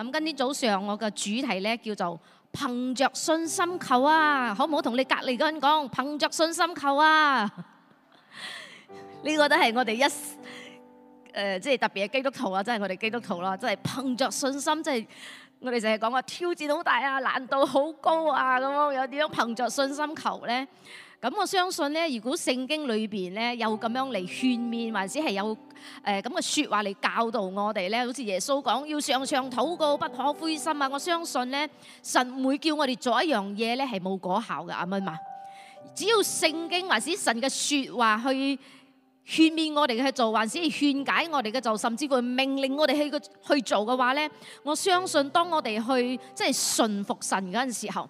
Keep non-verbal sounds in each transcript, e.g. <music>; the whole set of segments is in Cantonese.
咁今天早上我嘅主題咧叫做憑着信心求啊，好唔好同你隔離嗰人講憑著信心求啊？呢個都係我哋一誒，即、呃、係、就是、特別係基督徒啊，即係我哋基督徒咯，即係憑着信心，即係我哋成日講話挑戰好大啊，難度好高啊，咁樣有點樣憑着信心求咧？咁我相信咧，如果聖經裏邊咧有咁樣嚟勸勉，或者係有誒咁嘅説話嚟教導我哋咧，好似耶穌講要常常禱告，不可灰心啊！我相信咧，神唔會叫我哋做一樣嘢咧係冇果效嘅，阿妹嘛。只要聖經或者是神嘅説話去勸勉我哋去做，或者勸解我哋嘅做，甚至乎命令我哋去去做嘅話咧，我相信當我哋去即係順服神嗰陣時候。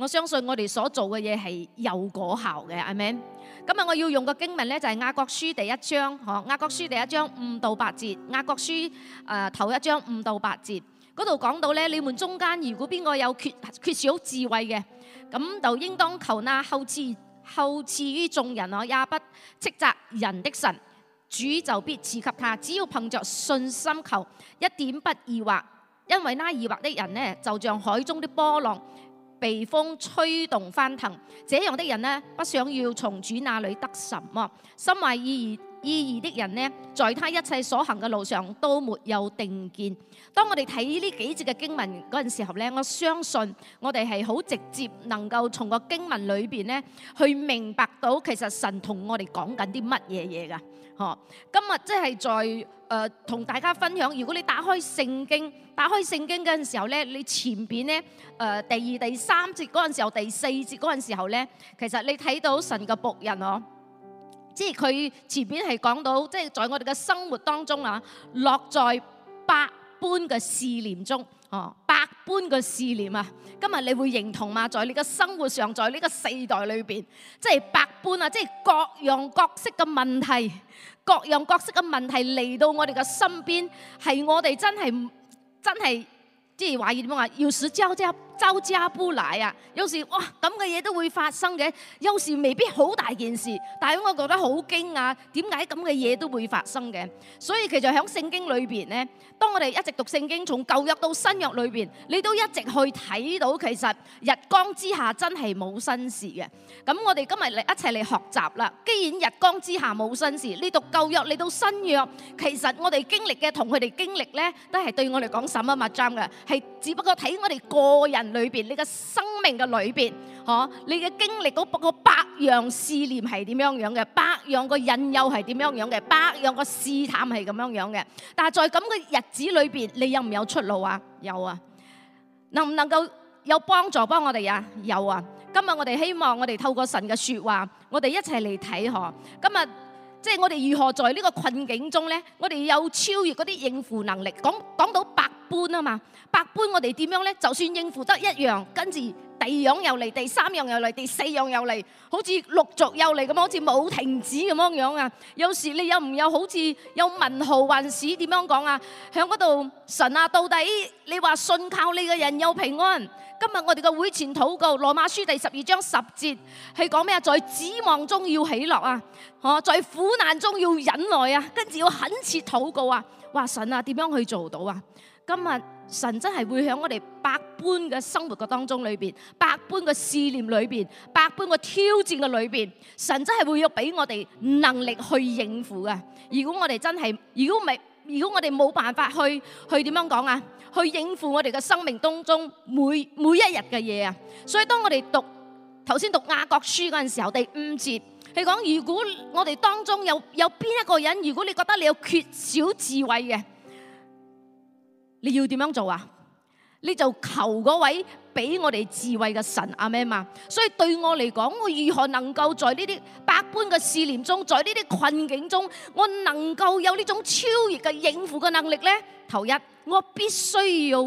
我相信我哋所做嘅嘢係有果效嘅，係咪？今日我要用嘅經文咧就係雅各書第一章，嗬，雅各書第一章五到八節，雅各書誒、呃、頭一章五到八節，嗰度講到咧，你們中間如果邊個有缺缺少智慧嘅，咁就應當求那厚賜厚賜於眾人，也不斥責人的神，主就必賜給他，只要憑着信心求，一點不疑惑，因為那疑惑的人咧，就像海中的波浪。被風吹動翻騰，這樣的人呢，不想要從主那裏得什麼，心懷二意意義的人咧，在他一切所行嘅路上都沒有定見。當我哋睇呢幾節嘅經文嗰陣時候咧，我相信我哋係好直接能夠從個經文裏邊咧，去明白到其實神同我哋講緊啲乜嘢嘢㗎。哦，今日即係再誒同大家分享，如果你打開聖經，打開聖經嗰陣時候咧，你前邊咧誒第二、第三節嗰陣時候，第四節嗰陣時候咧，其實你睇到神嘅僕人哦。即係佢前邊係講到，即係在我哋嘅生活當中啊，落在百般嘅試煉中，哦，百般嘅試煉啊，今日你會認同嗎？在你嘅生活上，在呢個世代裏邊，即係百般啊，即係各樣各式嘅問題，各樣各式嘅問題嚟到我哋嘅身邊，係我哋真係真係，即係話要點話，要説教即刻。周家搬奶啊，有時哇咁嘅嘢,都會發生嘅，有時未必好大件事，但係我覺得好驚訝，點解咁嘅嘢都會發生嘅？所以其實響聖經裏邊咧，當我哋一直讀聖經，從舊約到新約裏邊，你都一直去睇到其實日光之下真係冇新事嘅。咁我哋今日嚟一齊嚟學習啦。既然日光之下冇新事，你讀舊約，你到新約，其實我哋經歷嘅同佢哋經歷咧，都係對我嚟講什麼物章嘅，係只不過睇我哋個人。裏邊，你嘅生命嘅裏邊，嗬，你嘅經歷嗰個百樣試煉係點樣樣嘅，百樣個引誘係點樣樣嘅，百樣個試探係咁樣樣嘅。但係在咁嘅日子裏邊，你有唔有出路啊？有啊，能唔能夠有幫助幫我哋啊？有啊。今日我哋希望我哋透過神嘅說話，我哋一齊嚟睇嗬。今日即係我哋如何在呢個困境中咧，我哋有超越嗰啲應付能力。講講到百。般啊嘛，百般我哋點樣咧？就算應付得一樣，跟住第二樣又嚟，第三樣又嚟，第四樣又嚟，好似陸續又嚟咁，好似冇停止咁樣樣啊。有時你又唔有好似有文豪還是點樣講啊？響嗰度，神啊，到底你話信靠你嘅人又平安？今日我哋嘅會前禱告，羅馬書第十二章十節係講咩啊？在指望中要喜樂啊，啊，在苦難中要忍耐啊，跟住要懇切禱告啊。哇，神啊，點樣去做到啊？今日神真係會喺我哋百般嘅生活嘅當中裏邊，百般嘅試煉裏邊，百般嘅挑戰嘅裏邊，神真係會要俾我哋能力去應付嘅。如果我哋真係，如果唔係，如果我哋冇辦法去，去點樣講啊？去應付我哋嘅生命當中每每一日嘅嘢啊！所以當我哋讀頭先讀雅各書嗰陣時候，第五節係講，如果我哋當中有有邊一個人，如果你覺得你有缺少智慧嘅。你要點樣做啊？你就求嗰位俾我哋智慧嘅神阿們嘛。所以對我嚟講，我如何能夠在呢啲百般嘅試煉中，在呢啲困境中，我能夠有呢種超越嘅應付嘅能力咧？頭一，我必須要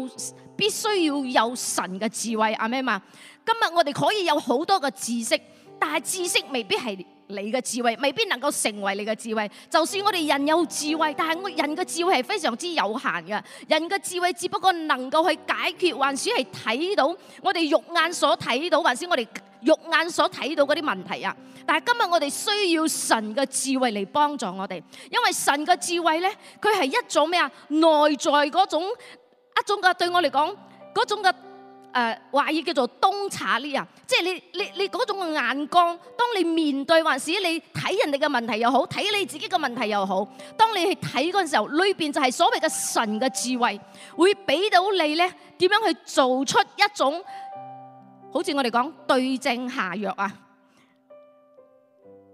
必須要有神嘅智慧阿們嘛。今日我哋可以有好多嘅知識，但係知識未必係。你嘅智慧未必能夠成為你嘅智慧，就算我哋人有智慧，但係我人嘅智慧係非常之有限嘅。人嘅智慧只不過能夠去解決，還是係睇到我哋肉眼所睇到，還是我哋肉眼所睇到嗰啲問題啊。但係今日我哋需要神嘅智慧嚟幫助我哋，因為神嘅智慧咧，佢係一種咩啊？內在嗰種一種嘅，對我嚟講嗰種嘅。誒、呃、話要叫做洞察力啊，即係你你你嗰種眼光。當你面對，還是你睇人哋嘅問題又好，睇你自己嘅問題又好。當你去睇嗰陣時候，裏邊就係所謂嘅神嘅智慧，會俾到你咧點樣去做出一種，好似我哋講對症下藥啊。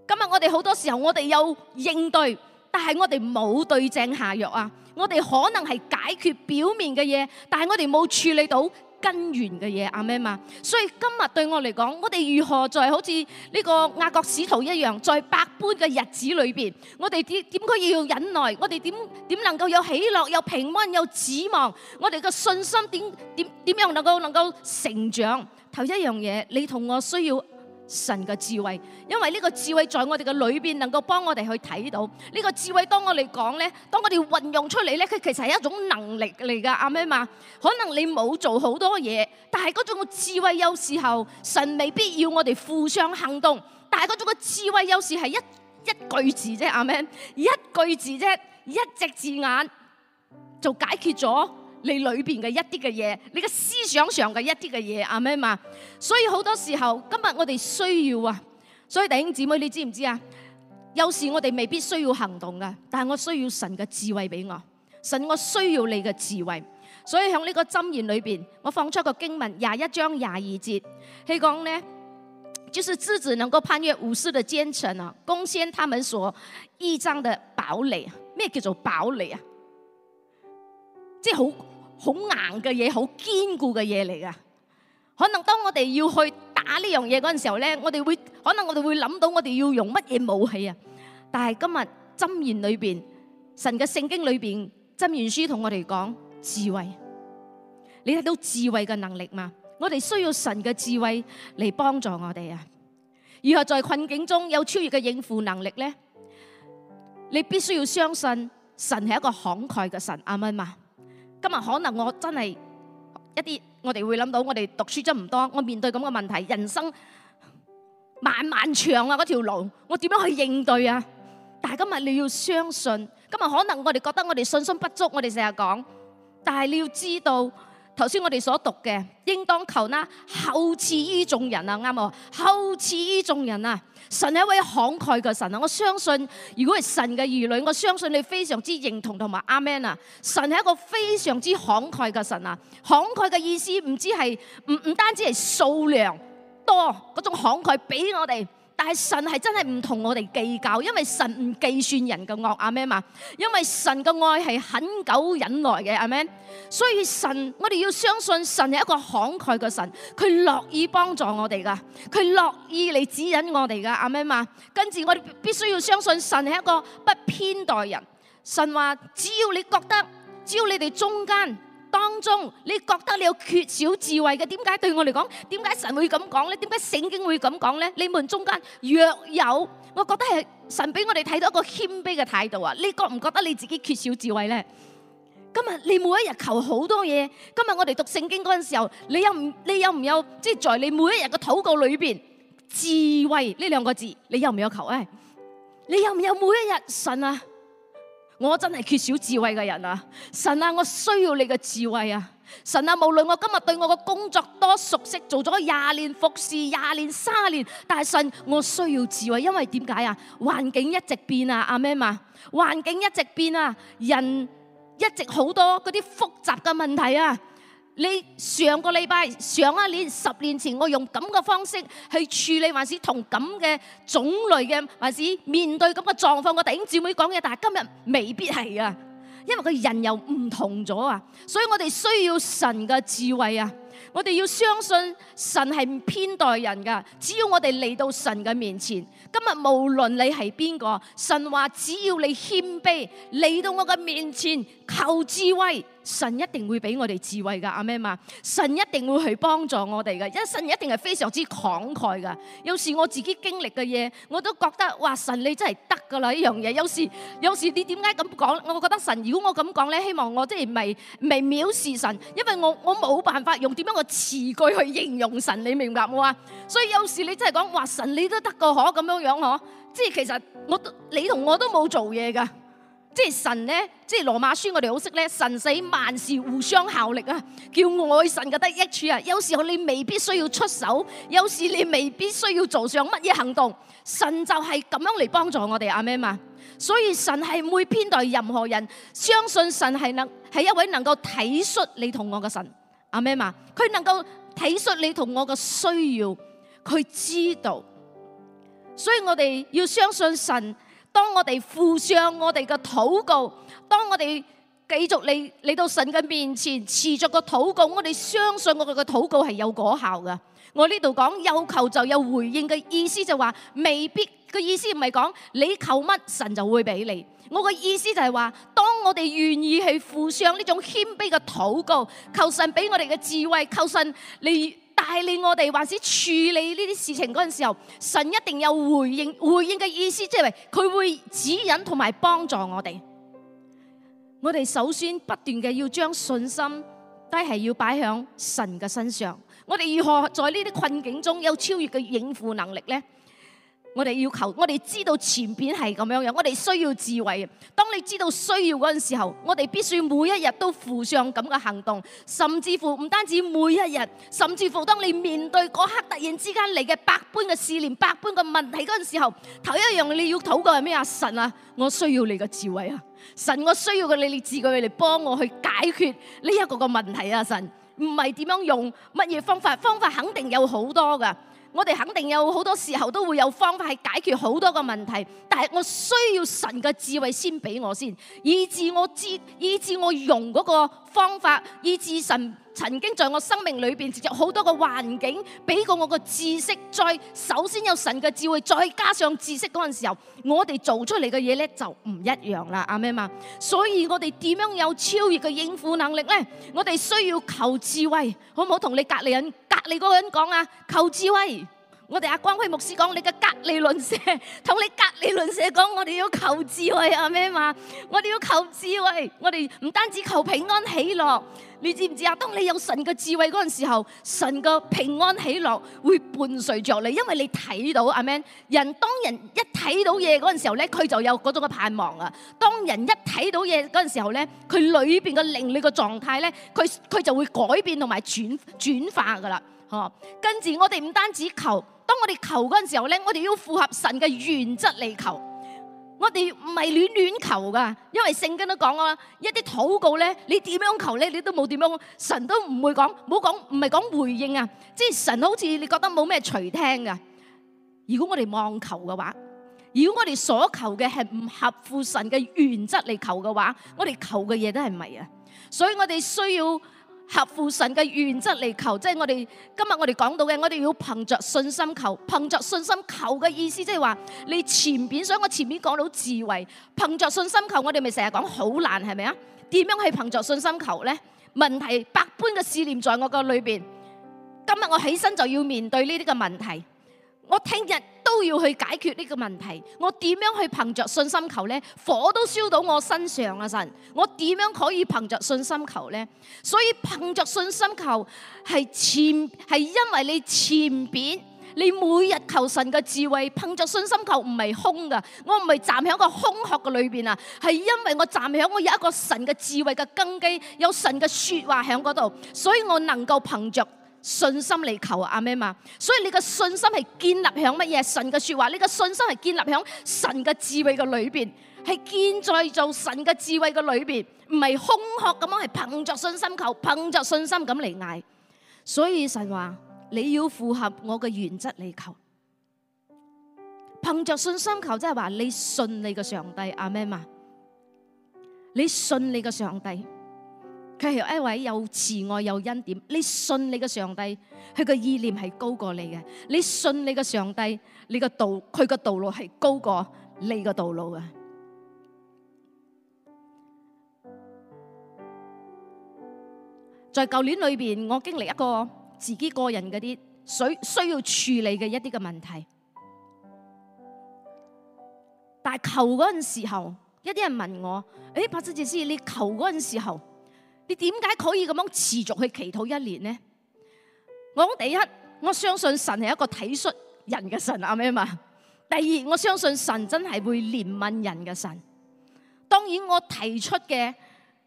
今日我哋好多時候，我哋有應對，但係我哋冇對症下藥啊。我哋可能係解決表面嘅嘢，但係我哋冇處理到。根源嘅嘢阿咩嘛，所以今日對我嚟講，我哋如何在好似呢個雅各使徒一樣，在百般嘅日子裏邊，我哋點點解要忍耐？我哋點點能夠有喜樂、有平安、有指望？我哋嘅信心點點點樣能夠能夠成長？頭一樣嘢，你同我需要。神嘅智慧，因為呢個智慧在我哋嘅裏邊，能夠幫我哋去睇到呢個智慧。當我哋講咧，當我哋運用出嚟咧，佢其實係一種能力嚟噶，阿媽嘛。可能你冇做好多嘢，但係嗰種嘅智慧後，有時候神未必要我哋付上行動，但係嗰種嘅智慧，有時係一一句字啫，阿媽，一句字啫，一隻字眼就解決咗。你裏邊嘅一啲嘅嘢，你嘅思想上嘅一啲嘅嘢，阿咩嘛，所以好多時候今日我哋需要啊，所以弟兄姊妹你知唔知啊？有時我哋未必需要行動噶，但係我需要神嘅智慧俾我，神我需要你嘅智慧。所以響呢個箴言裏邊，我放出個經文廿一章廿二節，佢講呢，就是智子能夠攀越武士嘅堅城啊，攻陷他們所依仗的堡壘啊。咩叫做堡壘啊？即係好。好硬嘅嘢，好堅固嘅嘢嚟㗎。可能當我哋要去打呢樣嘢嗰陣時候咧，我哋會，可能我哋會諗到我哋要用乜嘢武器啊？但係今日箴言裏邊，神嘅聖經裏邊，箴言書同我哋講智慧。你睇到智慧嘅能力嘛？我哋需要神嘅智慧嚟幫助我哋啊！如何在困境中有超越嘅應付能力咧？你必須要相信神係一個慷慨嘅神，啱唔啱。今日可能我真係一啲，我哋會諗到，我哋讀書真唔多，我面對咁嘅問題，人生漫漫長啊，嗰條路，我點樣去應對啊？但係今日你要相信，今日可能我哋覺得我哋信心不足，我哋成日講，但係你要知道。頭先我哋所讀嘅，應當求呢，厚賜於眾人啊，啱啊。厚賜於眾人啊，神係一位慷慨嘅神啊，我相信如果係神嘅兒女，我相信你非常之認同同埋阿 Man 啊。神係一個非常之慷慨嘅神啊，慷慨嘅意思唔知係唔唔單止係數量多，嗰種慷慨俾我哋。但係神係真係唔同我哋計較，因為神唔計算人嘅惡阿咩嘛？因為神嘅愛係很久忍耐嘅阿咩？所以神，我哋要相信神係一個慷慨嘅神，佢樂意幫助我哋噶，佢樂意嚟指引我哋噶阿咩嘛？跟住我哋必須要相信神係一個不偏待人。神話只要你覺得，只要你哋中間。當中你覺得你有缺少智慧嘅？點解對我嚟講？點解神會咁講咧？點解聖經會咁講咧？你們中間若有，我覺得係神俾我哋睇到一個謙卑嘅態度啊！你覺唔覺得你自己缺少智慧咧？今日你每一日求好多嘢，今日我哋讀聖經嗰陣時候，你有唔你有唔有即係、就是、在你每一日嘅禱告裏邊智慧呢兩個字，你有唔有求咧、啊？你有唔有每一日神啊？我真係缺少智慧嘅人啊！神啊，我需要你嘅智慧啊！神啊，無論我今日對我嘅工作多熟悉，做咗廿年服侍，廿年、卅年，但係神，我需要智慧，因為點解啊？環境一直變啊，阿咩嘛，環境一直變啊，人一直好多嗰啲複雜嘅問題啊！你上個禮拜、上一年、十年前，我用咁嘅方式去處理，還是同咁嘅種類嘅，還是面對咁嘅狀況，我弟兄姊妹講嘅，但係今日未必係啊，因為佢人又唔同咗啊，所以我哋需要神嘅智慧啊，我哋要相信神係唔偏待人噶，只要我哋嚟到神嘅面前，今日無論你係邊個，神話只要你謙卑嚟到我嘅面前。求智慧，神一定會俾我哋智慧噶，阿咩嘛，神一定會去幫助我哋嘅，因為神一定係非常之慷慨噶。有時我自己經歷嘅嘢，我都覺得哇，神你真係得噶啦呢樣嘢。有時有時你點解咁講？我覺得神，如果我咁講咧，希望我即係未未藐視神，因為我我冇辦法用點樣個詞句去形容神，你明白冇啊？所以有時你真係講哇，神你都得個可咁樣樣可，即係其實我你同我都冇做嘢噶。即係神咧，即係羅馬書我哋好識咧，神使萬事互相效力啊！叫愛神嘅得益處啊！有時候你未必需要出手，有時候你未必需要做上乜嘢行動，神就係咁樣嚟幫助我哋。阿媽嘛，所以神係唔會偏待任何人。相信神係能係一位能夠體恤你同我嘅神。阿媽嘛，佢能夠體恤你同我嘅需要，佢知道。所以我哋要相信神。當我哋付上我哋嘅禱告，當我哋繼續嚟嚟到神嘅面前持續個禱告，我哋相信我哋嘅禱告係有果效噶。我呢度講有求就有回應嘅意思就話，未必個意思唔係講你求乜神就會俾你。我嘅意思就係話，當我哋願意去付上呢種謙卑嘅禱告，求神俾我哋嘅智慧，求神帶領我哋，還是處理呢啲事情嗰陣時候，神一定有回應，回應嘅意思即係佢會指引同埋幫助我哋。我哋首先不斷嘅要將信心都係要擺喺神嘅身上。我哋如何在呢啲困境中有超越嘅應付能力咧？我哋要求，我哋知道前邊係咁樣樣，我哋需要智慧。當你知道需要嗰時候，我哋必須每一日都付上咁嘅行動，甚至乎唔單止每一日，甚至乎當你面對嗰刻突然之間嚟嘅百般嘅試煉、百般嘅問題嗰時候，頭一樣你要禱告係咩啊？神啊，我需要你嘅智慧啊！神，我需要你嘅智慧嚟幫我去解決呢一個個問題啊！神，唔係點樣用乜嘢方法？方法肯定有好多㗎。我哋肯定有好多時候都會有方法係解決好多個問題，但係我需要神嘅智慧先畀我先，以至我知，以至我用嗰個。方法，以至神曾經在我生命裏邊，涉及好多個環境，俾過我個知識。再首先有神嘅智慧，再加上知識嗰陣時候，我哋做出嚟嘅嘢咧就唔一樣啦，阿咩嘛。所以我哋點樣有超越嘅應付能力咧？我哋需要求智慧，好唔好？同你隔籬人、隔籬嗰個人講啊，求智慧。我哋阿光輝牧師講，你嘅隔籬鄰舍，同你隔籬鄰舍講，我哋要求智慧，Amen 啊！咩嘛？我哋要求智慧，我哋唔單止求平安喜樂。你知唔知啊？當你有神嘅智慧嗰陣時候，神嘅平安喜樂會伴隨着你，因為你睇到 Amen？人當人一睇到嘢嗰陣時候咧，佢就有嗰種嘅盼望啊。當人一睇到嘢嗰陣時候咧，佢裏邊嘅靈裏嘅狀態咧，佢佢就會改變同埋轉轉化噶啦。哦，跟住我哋唔單止求。當我哋求嗰陣時候咧，我哋要符合神嘅原則嚟求。我哋唔係亂亂求噶，因為聖經都講啦，一啲禱告咧，你點樣求咧，你都冇點樣，神都唔會講，冇講唔係講回應啊，即係神好似你覺得冇咩垂聽啊。如果我哋妄求嘅話，如果我哋所求嘅係唔合乎神嘅原則嚟求嘅話，我哋求嘅嘢都係唔係啊？所以我哋需要。合乎神嘅原則嚟求，即係我哋今日我哋講到嘅，我哋要憑着信心求，憑着信心求嘅意思，即係話你前邊，所以我前面講到智慧，憑着信心求，我哋咪成日講好難，係咪啊？點樣去憑着信心求咧？問題百般嘅思念在我個裏邊，今日我起身就要面對呢啲嘅問題，我聽日，都要去解決呢個問題，我點樣去憑着信心求呢？火都燒到我身上啊！神！我點樣可以憑着信心求呢？所以憑着信心求係前係因為你前邊你每日求神嘅智慧，憑着信心求唔係空噶，我唔係站喺個空殼嘅裏邊啊，係因為我站喺我有一個神嘅智慧嘅根基，有神嘅說話喺嗰度，所以我能夠憑着。信心嚟求阿咩嘛？所以你嘅信心係建立響乜嘢？神嘅說話，你嘅信心係建立響神嘅智慧嘅裏邊，係建在做神嘅智慧嘅裏邊，唔係空殼咁樣，係憑着信心求，憑着信心咁嚟嗌。所以神話你要符合我嘅原則嚟求，憑着信心求，即係話你信你嘅上帝阿咩嘛？你信你嘅上帝。佢係一位有慈愛有恩典。你信你嘅上帝，佢嘅意念係高過你嘅；你信你嘅上帝，你嘅道佢嘅道路係高過你嘅道路嘅。在舊年裏邊，我經歷一個自己個人嗰啲需需要處理嘅一啲嘅問題，但係求嗰陣時候，一啲人問我：誒、哎，白色祭司，你求嗰陣時候？你點解可以咁樣持續去祈禱一年呢？我講第一，我相信神係一個體恤人嘅神啊，咩嘛？第二，我相信神真係會憐憫人嘅神。當然，我提出嘅，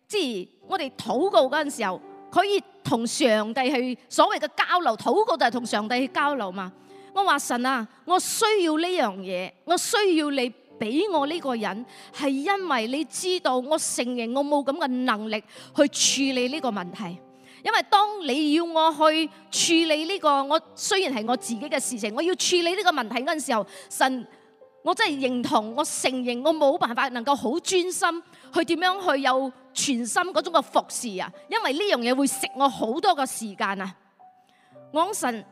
即係我哋禱告嗰陣時候，可以同上帝去所謂嘅交流，禱告就係同上帝去交流嘛。我話神啊，我需要呢樣嘢，我需要你。俾我呢個人，係因為你知道我，我承認我冇咁嘅能力去處理呢個問題。因為當你要我去處理呢個我雖然係我自己嘅事情，我要處理呢個問題嗰陣時候，神，我真係認同，我承認我冇辦法能夠好專心去點樣去有全心嗰種嘅服侍啊。因為呢樣嘢會食我好多嘅時間啊。我神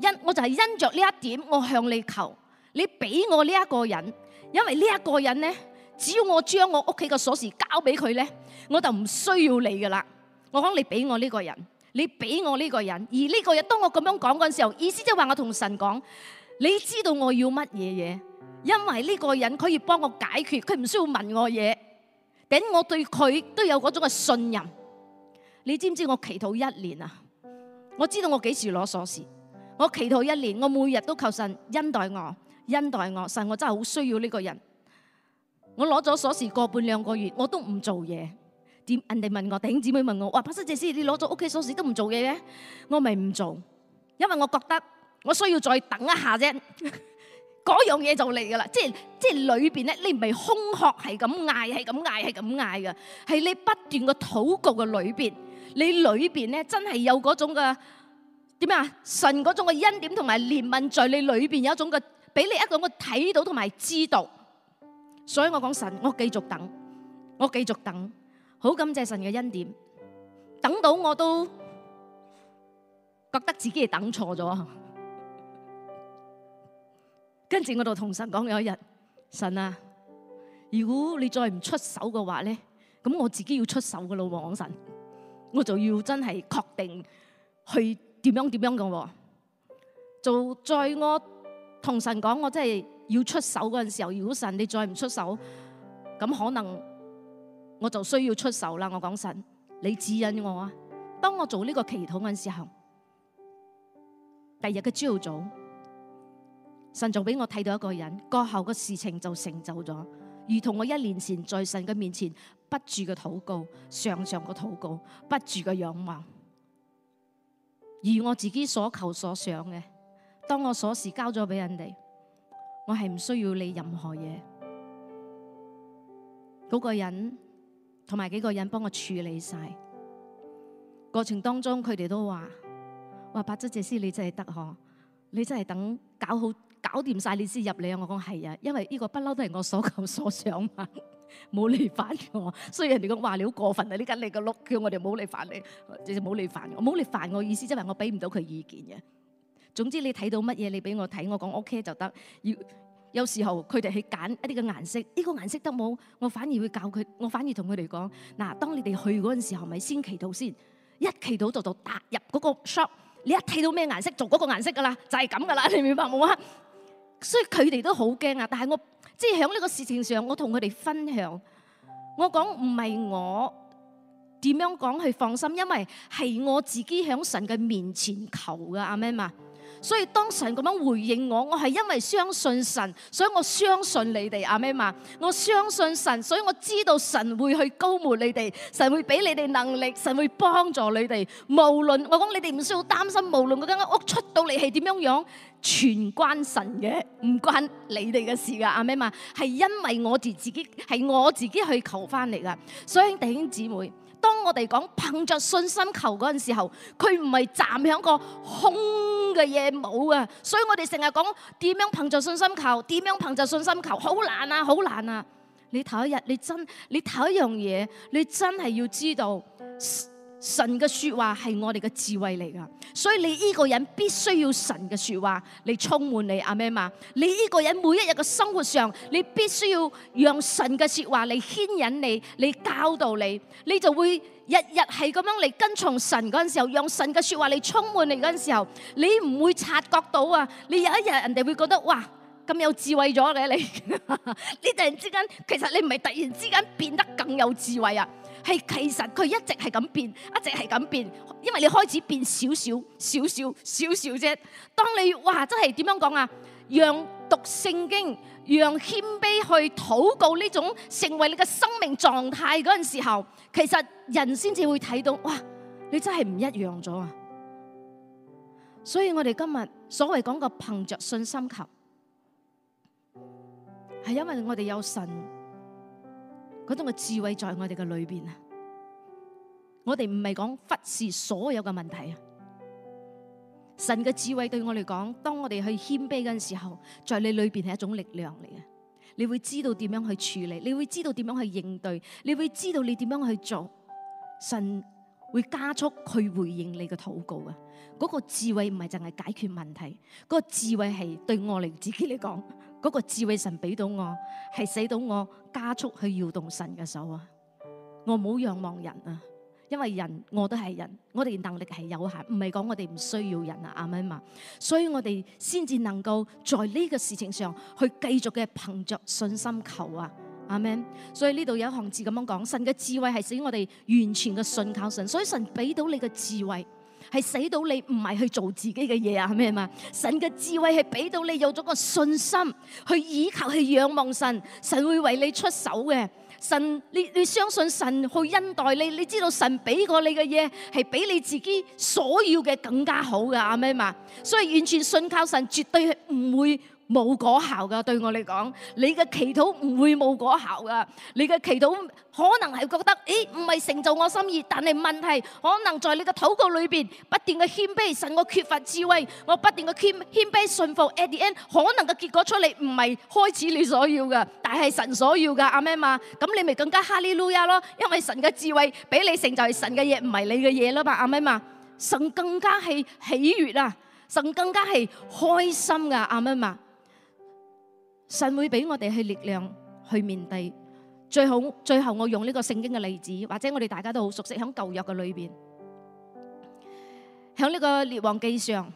因我就係因着呢一點，我向你求，你俾我呢一個人。因為呢一個人咧，只要我將我屋企嘅鎖匙交俾佢咧，我就唔需要你噶啦。我講你俾我呢個人，你俾我呢個人。而呢個人當我咁樣講嗰陣時候，意思即係話我同神講，你知道我要乜嘢嘢？因為呢個人可以幫我解決，佢唔需要問我嘢，頂我對佢都有嗰種嘅信任。你知唔知我祈禱一年啊？我知道我幾時攞鎖匙。我祈禱一年，我每日都求神恩待我。恩待我，神，我真係好需要呢個人。我攞咗鎖匙個半兩個月，我都唔做嘢。點人哋問我，弟兄姊妹問我，我話：巴師姐姐，你攞咗屋企鎖匙都唔做嘢嘅？我咪唔做，因為我覺得我需要再等一下啫。嗰樣嘢就嚟噶啦，即係即係裏邊咧，你唔係空殼，係咁嗌，係咁嗌，係咁嗌嘅。喺你不斷個禱告嘅裏邊，你裏邊咧真係有嗰種嘅點啊？神嗰種嘅恩典同埋憐憫，在你裏邊有一種嘅。俾你一個我睇到同埋知道，所以我講神，我繼續等，我繼續等，好感謝神嘅恩典。等到我都覺得自己係等錯咗，跟住我就同神講：有一日，神啊，如果你再唔出手嘅話咧，咁我自己要出手嘅咯喎，王神，我就要真係確定去點樣點樣嘅喎，就在我。同神講，我真係要出手嗰陣時候，如果神你再唔出手，咁可能我就需要出手啦。我講神，你指引我啊！當我做呢個祈禱嗰陣時候，第日嘅朝早，神就俾我睇到一個人，過後嘅事情就成就咗，如同我一年前在神嘅面前不住嘅禱告，常常嘅禱告，不住嘅仰望，而我自己所求所想嘅。當我鎖匙交咗俾人哋，我係唔需要你任何嘢。嗰個人同埋幾個人幫我處理晒，過程當中佢哋都話：話百則姐姐你真係得呵，你真係等搞好搞掂晒你先入嚟啊！我講係啊，因為呢個不嬲都係我所求所想嘛，冇你煩我。雖然人哋講話你好過分啊，呢間你個碌叫我哋冇你煩你，直接冇你煩。冇你煩我冇你煩我意思，即係我俾唔到佢意見嘅。總之你睇到乜嘢，你俾我睇，我講 O K 就得。要有時候佢哋去揀一啲嘅顏色，呢、這個顏色得冇，我反而會教佢，我反而同佢哋講：嗱，當你哋去嗰陣時候，係咪先祈禱先。一祈禱就就踏入嗰個 shop，你一睇到咩顏色，做嗰個顏色噶啦，就係咁噶啦，你明白冇啊？所以佢哋都好驚啊！但係我即係喺呢個事情上，我同佢哋分享，我講唔係我點樣講去放心，因為係我自己喺神嘅面前求嘅，阿們嘛。所以當神咁樣回應我，我係因為相信神，所以我相信你哋阿咩嘛，我相信神，所以我知道神會去高門你哋，神會俾你哋能力，神會幫助你哋。無論我講你哋唔需要擔心，無論嗰間屋出到嚟係點樣樣，全關神嘅，唔關你哋嘅事噶，阿咩嘛，係因為我哋自己係我自己去求翻嚟噶，所以弟兄姊妹。當我哋講憑着信心求嗰陣時候，佢唔係站喺個空嘅嘢冇啊，所以我哋成日講點樣憑着信心求，點樣憑着信心求，好難啊，好難啊！你頭一日，你真，你頭一樣嘢，你真係要知道。神嘅說話係我哋嘅智慧嚟噶，所以你呢個人必須要神嘅說話嚟充滿你阿咩嘛。你呢個人每一日嘅生活上，你必須要讓神嘅說話嚟牽引你，嚟教導你，你就會日日係咁樣嚟跟從神嗰陣時候，讓神嘅說話嚟充滿你嗰陣時候，你唔會察覺到啊！你有一日人哋會覺得哇，咁有智慧咗嘅你，你突然之間，其實你唔係突然之間變得更有智慧啊！係其實佢一直係咁變，一直係咁變，因為你開始變少少、少少、少少啫。當你哇，真係點樣講啊？讓讀聖經，讓謙卑去禱告呢種，成為你嘅生命狀態嗰陣時候，其實人先至會睇到，哇，你真係唔一樣咗啊！所以我哋今日所謂講嘅憑着信心求，係因為我哋有神。嗰種嘅智慧在我哋嘅裏邊啊！我哋唔係講忽視所有嘅問題啊！神嘅智慧對我嚟講，當我哋去謙卑嗰陣時候，在你裏邊係一種力量嚟嘅，你會知道點樣去處理，你會知道點樣去應對，你會知道你點樣去做，神會加速去回應你嘅禱告啊！嗰個智慧唔係淨係解決問題，嗰個智慧係對我嚟自己嚟講。嗰個智慧神俾到我，係使到我加速去搖動神嘅手啊！我唔好仰望人啊，因為人我都係人，我哋能力係有限，唔係講我哋唔需要人啊！阿 man 啊，所以我哋先至能夠在呢個事情上去繼續嘅憑着信心求啊！阿 man，所以呢度有一行字咁樣講，神嘅智慧係使我哋完全嘅信靠神，所以神俾到你嘅智慧。係使到你唔係去做自己嘅嘢啊，係咩嘛？神嘅智慧係俾到你有咗個信心，去倚靠去仰望神，神會為你出手嘅。神，你你相信神去恩待你，你知道神俾過你嘅嘢係俾你自己所要嘅更加好㗎。係咩嘛？所以完全信靠神，絕對唔會冇果效噶，對我嚟講，你嘅祈禱唔會冇果效噶。你嘅祈禱可能係覺得，誒，唔係成就我心意，但係問題可能在你嘅禱告裏邊不斷嘅謙卑，神我缺乏智慧，我不斷嘅謙謙卑信服。At the end，可能嘅結果出嚟唔係開始你所要嘅，但係神所要嘅，Amen 啊，咁你咪更加哈利路亞咯，因為神嘅智慧俾你成就係神嘅嘢，唔係你嘅嘢啦嘛，Amen 啊，神更加係喜悅啊，神更加係開心噶，Amen 啊。神會俾我哋去力量去面對。最好最後我用呢個聖經嘅例子，或者我哋大家都好熟悉，喺舊約嘅裏邊，喺呢個列王記上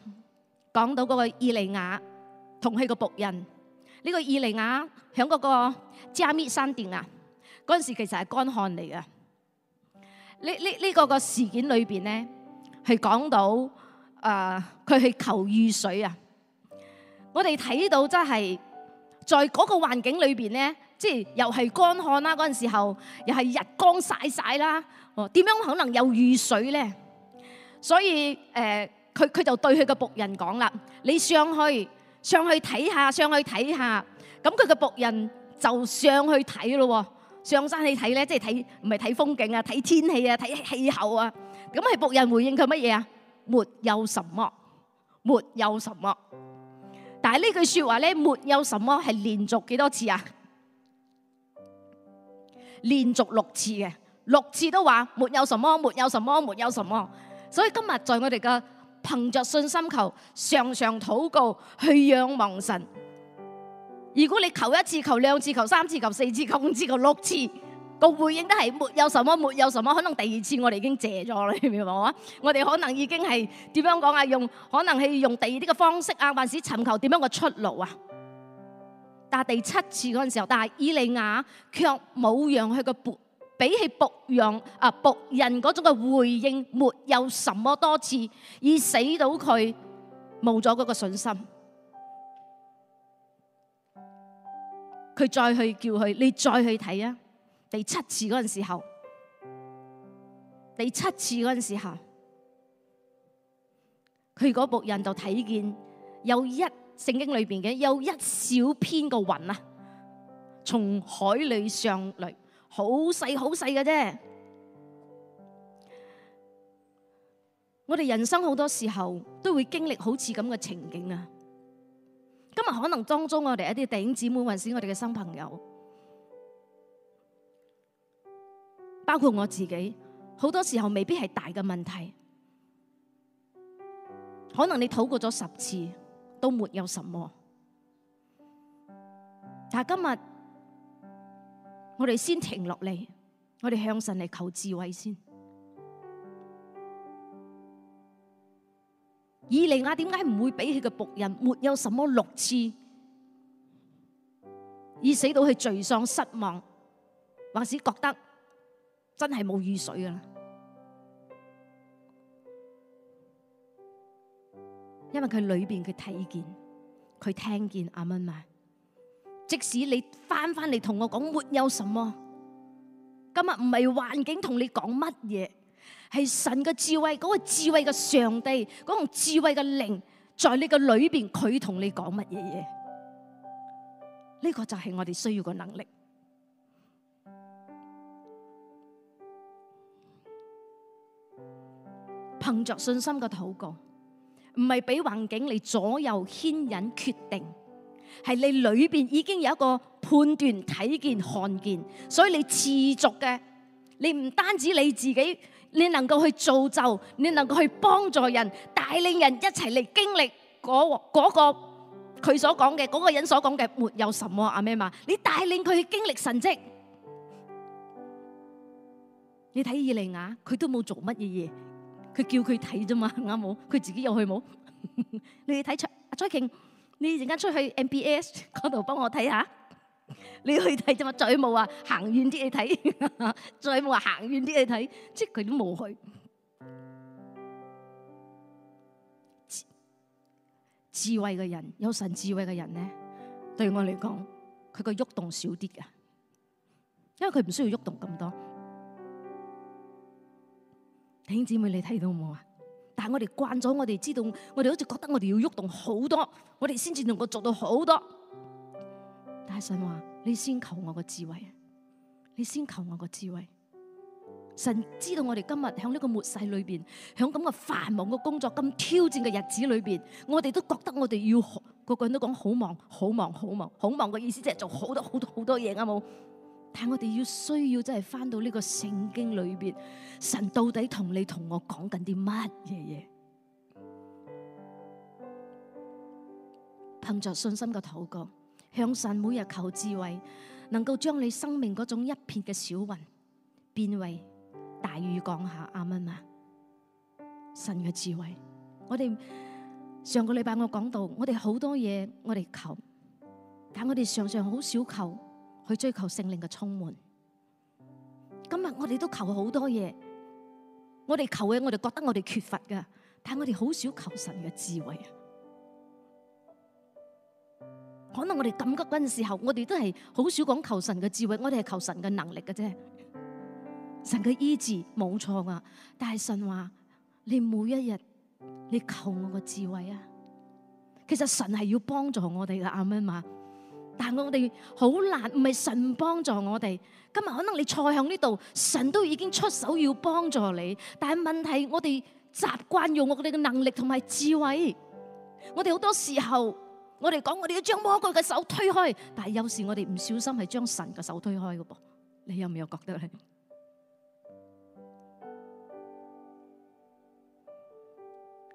講到嗰個以利亞同佢個僕人呢個以利亞喺嗰個迦密山頂啊嗰陣時，其實係乾旱嚟嘅。呢呢呢個個事件裏邊咧係講到誒佢去求雨水啊。我哋睇到真係。在嗰個環境裏邊咧，即係又係乾旱啦，嗰陣時候又係日光曬曬啦，哦點樣可能有雨水咧？所以誒，佢佢就對佢個僕人講啦：你上去上去睇下，上去睇下。咁佢個僕人就上去睇咯，上山去睇咧，即係睇唔係睇風景啊，睇天氣啊，睇氣候啊。咁係僕人回應佢乜嘢啊？沒有什麼，沒有什麼。但係呢句說話咧，沒有什麼係連續幾多次啊？連續六次嘅，六次都話沒有什麼，沒有什麼，沒有什麼。所以今日在我哋嘅，憑着信心求，常常禱告去仰望神。如果你求一次，求兩次，求三次，求四次，求五次，求六次。個回應都係沒有什麼，沒有什麼。可能第二次我哋已經謝咗啦，你明唔明我？我哋可能已經係點樣講啊？用可能係用第二啲嘅方式啊，還是尋求點樣嘅出路啊？但係第七次嗰陣時候，但係以利亞卻冇讓佢個僕，比起僕讓啊僕人嗰種嘅回應，沒有什麼多次，而使到佢冇咗嗰個信心。佢再去叫佢，你再去睇啊！第七次嗰陣時候，第七次嗰陣時候，佢嗰僕人就睇見有一聖經裏邊嘅有一小片個雲啊，從海裏上嚟，好細好細嘅啫。我哋人生好多時候都會經歷好似咁嘅情景啊。今日可能當中我哋一啲弟兄姊妹，或是我哋嘅新朋友。包括我自己，好多時候未必係大嘅問題，可能你禱過咗十次都沒有什麼，但係今日我哋先停落嚟，我哋向神嚟求智慧先。以利亞點解唔會俾佢嘅僕人沒有什麼六次，以死到去沮喪失望，或是覺得？真係冇雨水啦，因為佢裏邊佢睇見，佢聽見阿蚊嘛，即使你翻翻嚟同我講沒有什麼，今日唔係環境同你講乜嘢，係神嘅智慧，嗰個智慧嘅上帝，嗰個智慧嘅靈，在你嘅裏邊，佢同你講乜嘢嘢？呢個就係我哋需要嘅能力。憑着信心嘅禱告，唔係俾環境你左右牽引決定，係你裏邊已經有一個判斷、睇見、看見，所以你持續嘅，你唔單止你自己，你能夠去造就，你能夠去幫助人，帶領人一齊嚟經歷嗰嗰個佢所講嘅，嗰個人所講嘅沒有什麼，阿咩嘛，你帶領佢去經歷神蹟，你睇以利亞，佢都冇做乜嘢嘢。佢叫佢睇啫嘛，啱冇？佢自己又去冇、 <laughs> 啊？你睇卓阿卓慶，你而家出去 MBS 嗰度幫我睇下。你去睇啫嘛，再冇話行遠啲你睇，再冇話行遠啲你睇，即係佢都冇去。智，智慧嘅人，有神智慧嘅人咧，對我嚟講，佢個喐動少啲噶，因為佢唔需要喐動咁多。兄姊妹，你睇到冇啊？但係我哋慣咗，我哋知道，我哋好似覺得我哋要喐動好多，我哋先至能夠做到好多。但係神話，你先求我個智慧，你先求我個智慧。神知道我哋今日響呢個末世裏邊，響咁嘅繁忙嘅工作、咁挑戰嘅日子裏邊，我哋都覺得我哋要個個人都講好忙、好忙、好忙、好忙嘅意思，即係做好多、好多、好多嘢啊！冇。但我哋要需要真係翻到呢個聖經裏邊，神到底同你同我講緊啲乜嘢嘢？憑着信心嘅禱告，向神每日求智慧，能夠將你生命嗰種一片嘅小雲，變為大雨降下。阿們啊，神嘅智慧。我哋上個禮拜我講到，我哋好多嘢我哋求，但係我哋常常好少求。去追求聖靈嘅充滿，今日我哋都求好多嘢，我哋求嘅我哋覺得我哋缺乏噶，但係我哋好少求神嘅智慧啊！可能我哋緊急嗰陣時候，我哋都係好少講求神嘅智慧，我哋係求神嘅能力嘅啫。神嘅醫治冇錯啊。但係神話你每一日你求我個智慧啊！其實神係要幫助我哋啦，阿 May 嘛。但係我哋好難，唔係神幫助我哋。今日可能你坐向呢度，神都已經出手要幫助你，但係問題我哋習慣用我哋嘅能力同埋智慧。我哋好多時候，我哋講我哋要將魔鬼嘅手推開，但係有時我哋唔小心係將神嘅手推開嘅噃。你有唔有覺得咧？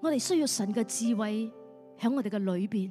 我哋需要神嘅智慧喺我哋嘅裏邊。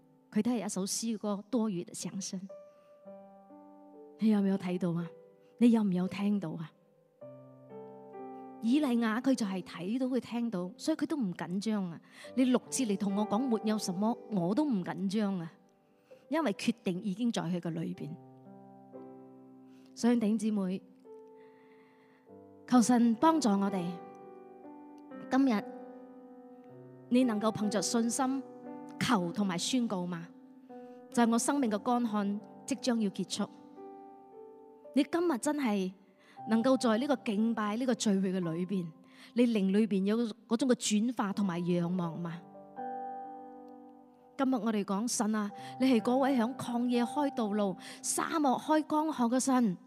佢都係一首詩歌，多餘嘅相聲。你有冇有睇到啊？你有冇有聽到啊？以利亞，佢就係睇到佢聽到，所以佢都唔緊張啊。你六次嚟同我講沒有什麼，我都唔緊張啊。因為決定已經在佢個裏邊。所以頂姊妹，求神幫助我哋，今日你能夠憑着信心。求同埋宣告嘛，就係我生命嘅乾旱即將要結束。你今日真係能夠在呢個敬拜呢個聚會嘅裏邊，你靈裏邊有嗰種嘅轉化同埋仰望嘛？今日我哋講神啊，你係嗰位響曠野開道路，沙漠開江河嘅神。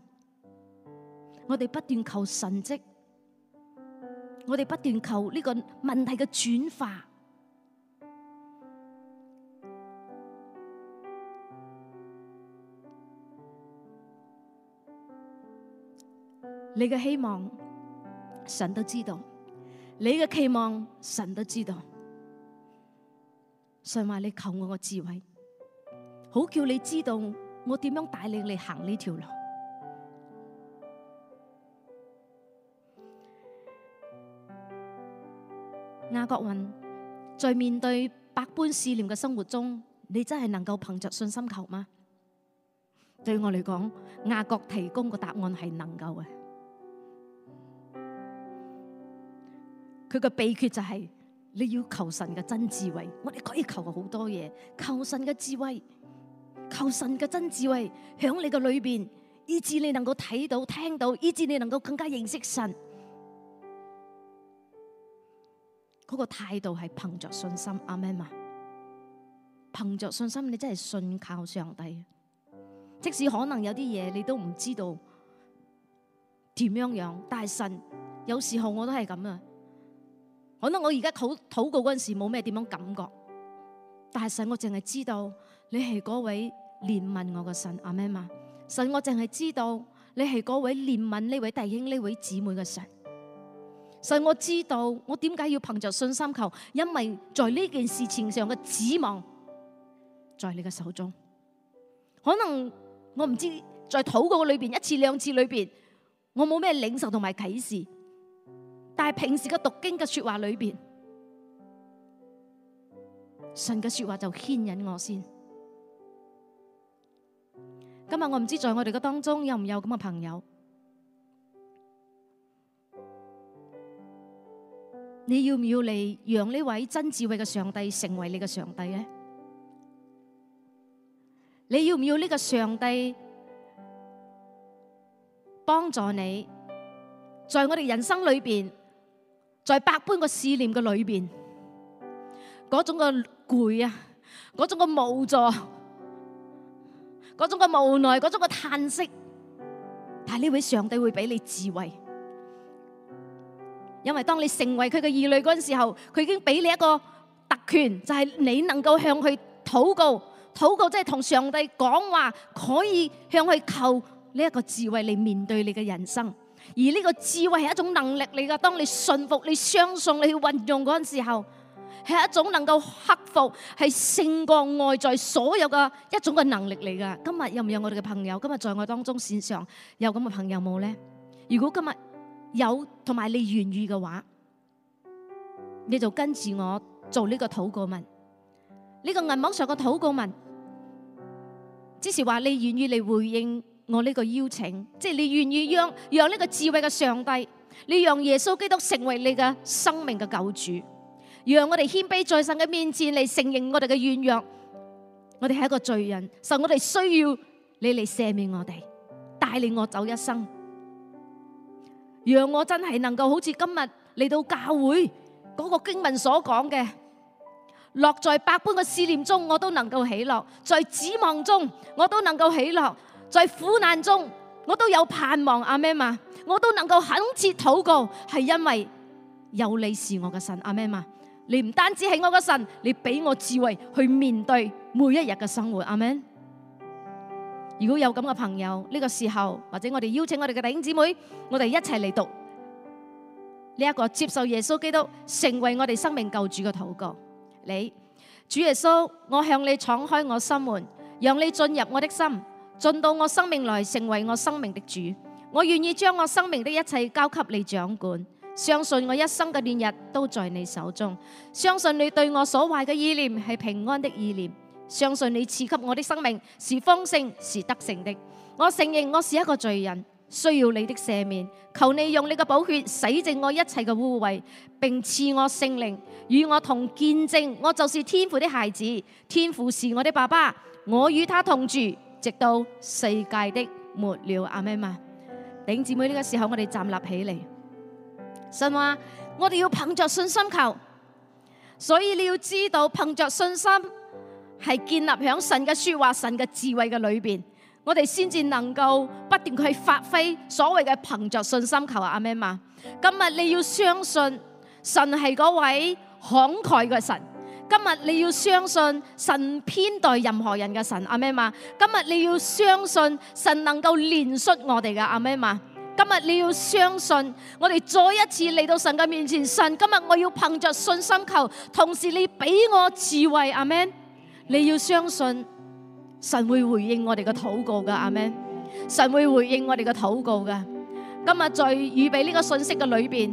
我哋不斷求神蹟，我哋不斷求呢個問題嘅轉化。你嘅希望，神都知道；你嘅期望，神都知道。神話你求我嘅智慧，好叫你知道我點樣帶領你行呢條路。亞國云，在面對百般試煉嘅生活中，你真係能夠憑着信心求嗎？對我嚟講，亞國提供嘅答案係能夠嘅。佢個秘訣就係你要求神嘅真智慧，我哋可以求好多嘢，求神嘅智慧，求神嘅真智慧，響你嘅裏邊，以致你能夠睇到、聽到，以致你能夠更加認識神。嗰個態度係憑着信心，阿們嗎？憑着信心，你真係信靠上帝，即使可能有啲嘢你都唔知道點樣樣，但係神有時候我都係咁啊。可能我而家禱禱告嗰陣時冇咩點樣感覺，但係神，我淨係知道你係嗰位憐憫我嘅神，阿們嘛，神，我淨係知道你係嗰位憐憫呢位弟兄呢位姊妹嘅神，神，我知道我點解要憑着信心求，因為在呢件事情上嘅指望在你嘅手中。可能我唔知在禱告裏邊一次兩次裏邊，我冇咩領受同埋啟示。但係平時嘅讀經嘅說話裏邊，神嘅說話就牽引我先。今日我唔知在我哋嘅當中有唔有咁嘅朋友，你要唔要嚟讓呢位真智慧嘅上帝成為你嘅上帝咧？你要唔要呢個上帝幫助你，在我哋人生裏邊？在百般嘅思念嘅裏邊，嗰種嘅攰啊，嗰種嘅無助，嗰種嘅無奈，嗰種嘅嘆息。但係呢位上帝會俾你智慧，因為當你成為佢嘅兒女嗰陣時候，佢已經俾你一個特權，就係、是、你能夠向佢禱告，禱告即係同上帝講話，可以向佢求呢一個智慧嚟面對你嘅人生。而呢個智慧係一種能力嚟噶，當你信服、你相信、你去運用嗰陣時候，係一種能夠克服、係勝過外在所有嘅一種嘅能力嚟噶。今日有唔有我哋嘅朋友？今日在我當中線上有咁嘅朋友冇咧？如果今日有同埋你願意嘅話，你就跟住我做呢個禱告文，呢、呢個銀幕上嘅禱告文，只是話你願意嚟回應。我呢個邀請，即係你願意讓讓呢個智慧嘅上帝，你讓耶穌基督成為你嘅生命嘅救主，讓我哋謙卑在神嘅面前嚟承認我哋嘅軟弱，我哋係一個罪人，神，我哋需要你嚟赦免我哋，帶領我走一生，讓我真係能夠好似今日嚟到教會嗰個經文所講嘅，落在百般嘅試煉中，我都能夠喜樂，在指望中我都能夠喜樂。在苦難中，我都有盼望 Amen 嘛，我都能夠懇切禱告，係因為有你是我嘅神 Amen 嘛。你唔單止係我嘅神，你俾我智慧去面對每一日嘅生活 Amen。Amen? 如果有咁嘅朋友呢、這個時候，或者我哋邀請我哋嘅弟兄姊妹，我哋一齊嚟讀呢一、這個接受耶穌基督成為我哋生命救主嘅禱告。你主耶穌，我向你敞開我心門，讓你進入我的心。進到我生命來，成為我生命的主，我願意將我生命的一切交給你掌管。相信我一生嘅年日都在你手中，相信你對我所懷嘅意念係平安的意念，相信你賜給我的生命是豐盛是得勝的。我承認我是一個罪人，需要你的赦免。求你用你嘅寶血洗淨我一切嘅污穢，並賜我聖靈與我同見證。我就是天父的孩子，天父是我的爸爸，我與他同住。直到世界的末了，阿們嘛，兄姊妹呢、這個時候，我哋站立起嚟，神話我哋要憑着信心求，所以你要知道，憑着信心係建立響神嘅說話、神嘅智慧嘅裏邊，我哋先至能夠不斷去發揮所謂嘅憑着信心求啊，阿們嘛，今日你要相信神係嗰位慷慨嘅神。今日你要相信神偏待任何人嘅神，阿們嘛？今日你要相信神能夠憐恤我哋嘅，阿們嘛？今日你要相信我哋再一次嚟到神嘅面前，神今日我要憑着信心求，同時你俾我智慧阿們，你要相信神會回應我哋嘅禱告嘅阿們，神會回應我哋嘅禱告嘅。今日在預備呢個信息嘅裏邊，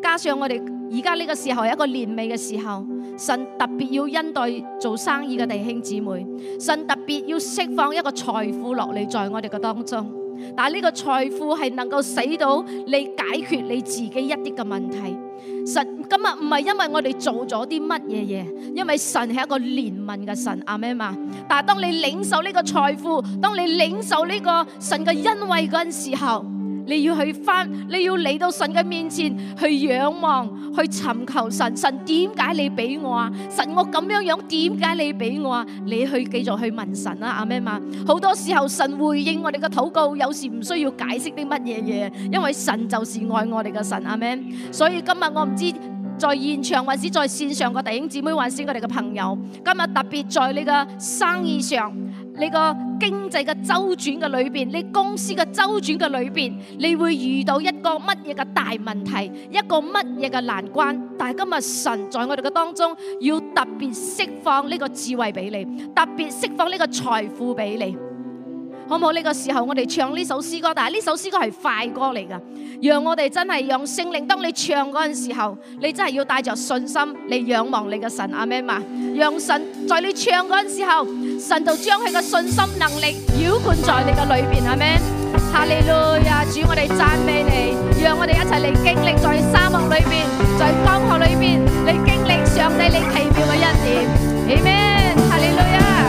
加上我哋。而家呢個時候係一個年尾嘅時候，神特別要恩待做生意嘅弟兄姊妹，神特別要釋放一個財富落嚟在我哋嘅當中。但係呢個財富係能夠使到你解決你自己一啲嘅問題。神今日唔係因為我哋做咗啲乜嘢嘢，因為神係一個憐憫嘅神，阿媽嘛。但係當你領受呢個財富，當你領受呢個神嘅恩惠嗰陣時候。你要去翻，你要嚟到神嘅面前去仰望，去尋求神。神點解你畀我啊？神我咁樣樣點解你畀我啊？你去繼續去問神啦，阿們嘛。好多時候神回應我哋嘅禱告，有時唔需要解釋啲乜嘢嘢，因為神就是愛我哋嘅神，阿們。所以今日我唔知在現場還是在綫上嘅弟兄姊妹，還是我哋嘅朋友，今日特別在你嘅生意上。你個經濟嘅周轉嘅裏邊，你公司嘅周轉嘅裏邊，你會遇到一個乜嘢嘅大問題，一個乜嘢嘅難關？但係今日神在我哋嘅當中，要特別釋放呢個智慧，俾你，特別釋放呢個財富俾你，好唔好？呢個時候我哋唱呢首詩歌，但係呢首詩歌係快歌嚟㗎，讓我哋真係讓聖靈，當你唱嗰陣時候，你真係要帶着信心嚟仰望你嘅神阿們嘛，讓神在你唱嗰陣時候。神就將佢嘅信心能力澆灌在你嘅裏邊，阿 man 哈利路亞，Amen Hallelujah，主我哋讚美你，讓我哋一齊嚟經歷在沙漠裏邊，在江河裏邊，嚟經歷上帝你奇妙嘅恩典，阿 man 哈利路亞。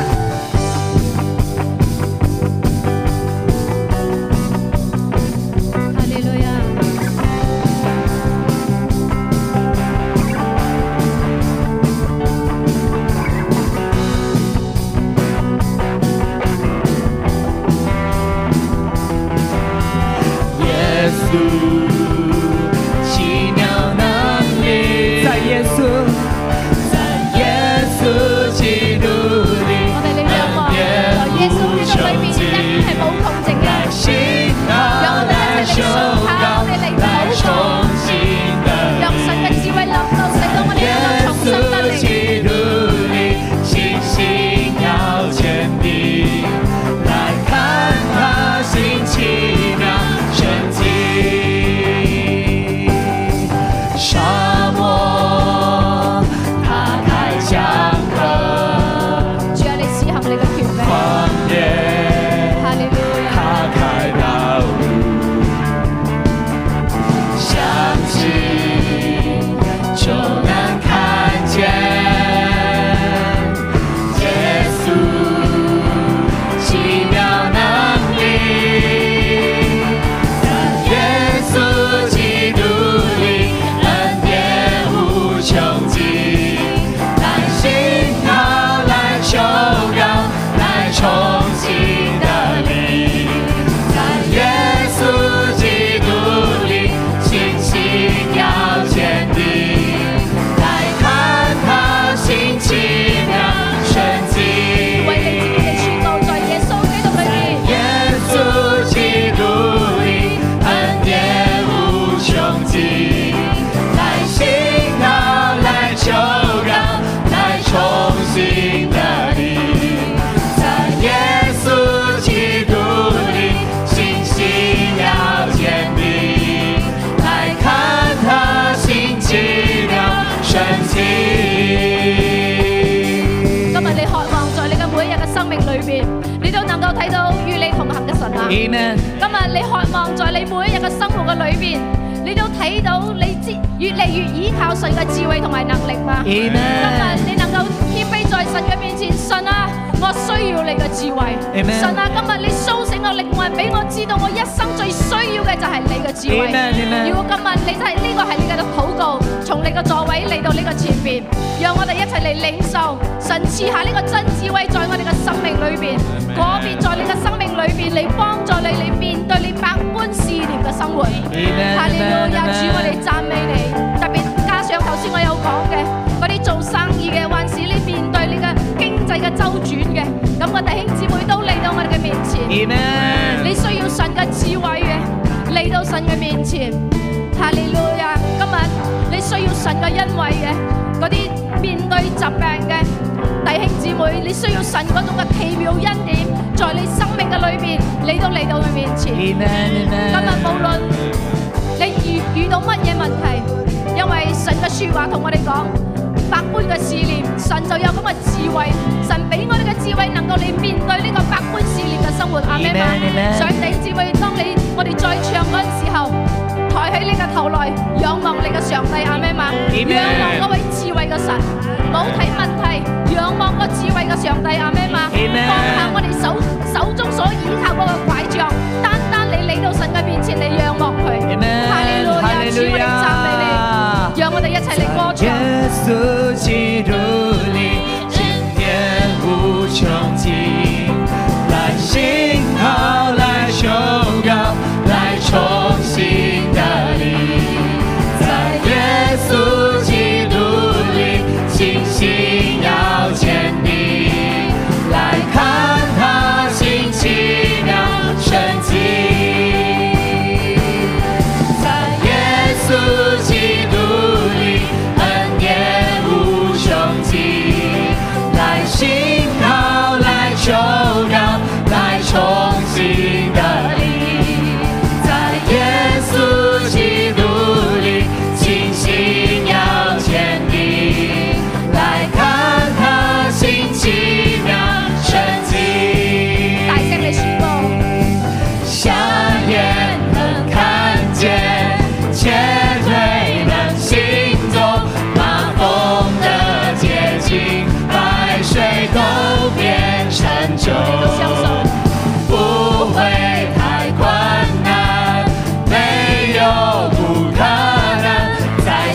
今日你渴望在你每一日嘅生活嘅裏邊，你都睇到你知越嚟越依靠神嘅智慧同埋能力嘛。今日你能夠謙卑在神嘅面前，信啊，我需要你嘅智慧。神啊，今日你甦醒我靈魂，俾我知道我一生最需要嘅就係你嘅智慧。如果今日你都係呢個係你嘅禱告，從你嘅座位嚟到呢個前邊，讓我哋一齊嚟領受神賜下呢個真智慧，在我哋嘅生命裏邊。個別在你嘅生命裏面，你幫助你，你面對你百般試煉嘅生活。哈利路亞，主我哋讚美你。特別加上頭先我有講嘅，嗰啲做生意嘅，還是你面對你嘅經濟嘅周轉嘅，咁個弟兄姊，姊妹都嚟到我哋嘅面前。Amen. 你需要神嘅智慧嘅，嚟到神嘅面前。哈利路亞，今日你需要神嘅恩惠嘅，嗰啲面對疾病嘅。弟兄姊妹，你需要神嗰種嘅奇妙恩典，在你生命嘅裏邊，你都嚟到佢面前。今日無論你遇遇到乜嘢問題，因為神嘅說話同我哋講，百般嘅試煉，神就有咁嘅智慧，神俾我哋嘅智慧，能夠你面對呢個百般試煉嘅生活，阿咩嘛？上帝智慧，當你我哋再唱嗰陣時候，抬起你個頭來仰望你嘅上帝，阿咩嘛？仰望嗰位智慧嘅神，冇睇。智慧嘅上帝啊，阿們，阿們，放下我哋手手中所倚靠嗰個拐杖，單單你嚟到神嘅面前嚟仰望佢，讓我哋一齊嚟歌唱。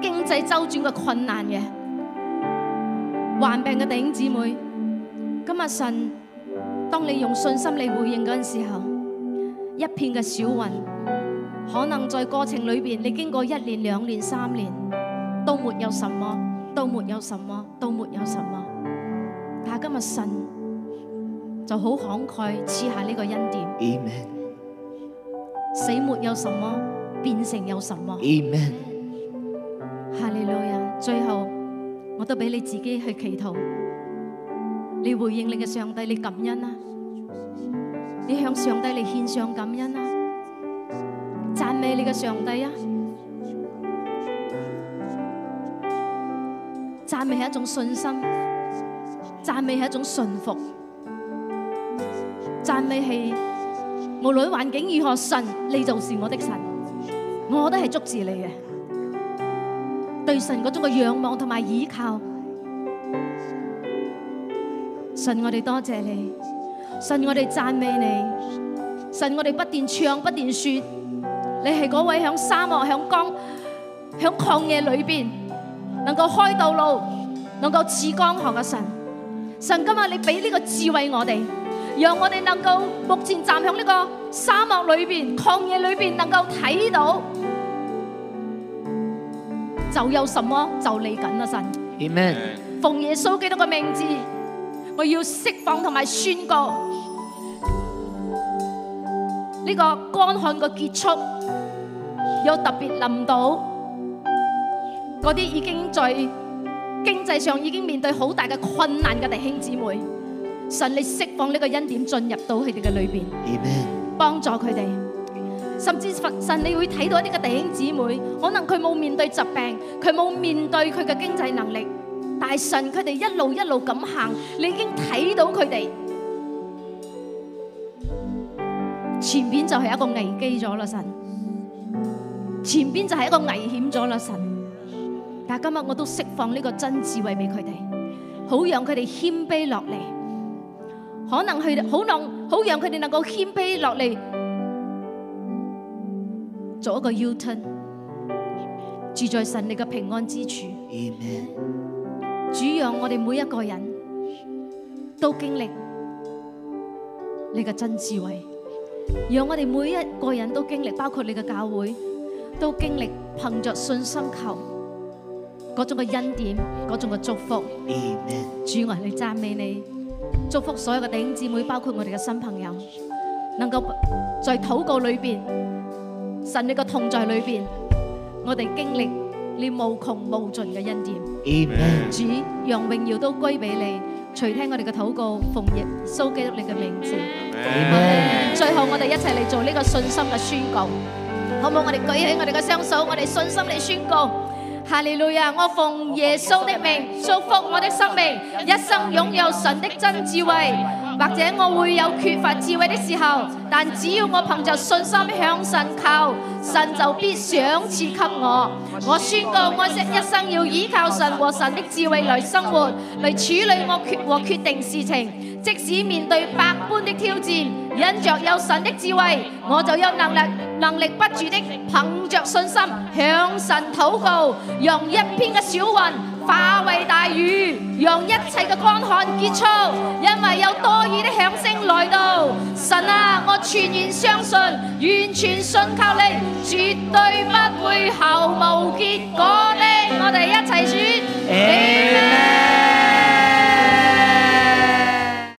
經濟周轉嘅困難嘅患病嘅弟兄姊妹，今日神當你用信心嚟回應嗰陣時候，一片嘅小雲，可能在過程裏邊你經過一年、兩年、三年，都沒有什麼，都沒有什麼，都沒有什麼，但係今日神就好慷慨賜下呢個恩典。Amen。死沒有什麼，變成有什麼？Amen。哈利路亞！最後我都俾你自己去祈禱，你回應你嘅上帝，你感恩啦，你向上帝嚟獻上感恩啦，讚美你嘅上帝啊！讚美係一種信心，讚美係一種信服，讚美係無論環境如何，神你就是我的神，我都係捉住你嘅。對神嗰種嘅仰望同埋倚靠，神我哋多謝，謝你，神我哋讚美你，神我哋不斷唱不斷說，你係嗰位響沙漠、響江、響曠野裏邊能夠開道路、能夠似江河嘅神。神今日你俾呢個智慧我哋，讓我哋能夠目前站響呢個沙漠裏邊、曠野裏邊，能夠睇到。就有什麼就嚟緊啦，神。奉耶穌基督嘅名字，我要釋放同埋宣告呢個乾旱嘅結束，又特別臨到嗰啲已經在經濟上已經面對好大嘅困難嘅弟兄姊妹，神你釋放呢個恩典進入到佢哋嘅裏邊，幫助佢哋。甚至佛神，你會睇到一啲嘅弟兄姊妹，可能佢冇面對疾病，佢冇面對佢嘅經濟能力，但係神佢哋一路一路咁行，你已經睇到佢哋前邊就係一個危機咗啦，神前邊就係一個危險咗啦，神。但係今日我都釋放呢個真智慧俾佢哋，好讓佢哋謙卑落嚟，可能佢哋好濃，好讓佢哋能夠謙卑落嚟。做一個 U-turn，住在神你嘅平安之處。主讓我哋每一個人都經歷你嘅真智慧，讓我哋每一個人都經歷，包括你嘅教會都經歷，憑着信心求嗰種嘅恩典，嗰種嘅祝福。主啊，你讚美你，祝福所有嘅弟兄姊妹，包括我哋嘅新朋友，能夠在禱告裏邊。神，你嘅痛在裏邊，我哋經歷你無窮無盡嘅恩典。Amen、主，讓榮耀都歸俾你，垂聽我哋嘅禱告，奉耶穌基督你嘅名字、Amen Amen。最後我哋一齊嚟做呢個信心嘅宣告，好唔好？我哋舉起我哋嘅雙手，我哋信心嚟宣告：哈利路亞！我奉耶穌的名，祝福我的生命，一生擁有神的真智慧。或者我會有缺乏智慧的時候，但只要我憑着信心向神靠，神就必賞賜給我。我宣告，我一生要依靠神和神的智慧來生活，來處理我決和決定事情。即使面對百般的挑戰，因着有神的智慧，我就有能力，能力不住的憑着信心向神禱告，用一片嘅小雲，化為大雨，讓一切嘅乾旱結束。因為有多雨的響聲來到，神啊，我全然相信，完全信靠你，絕對不會毫無結果的。我哋一齊說，Amen. Amen.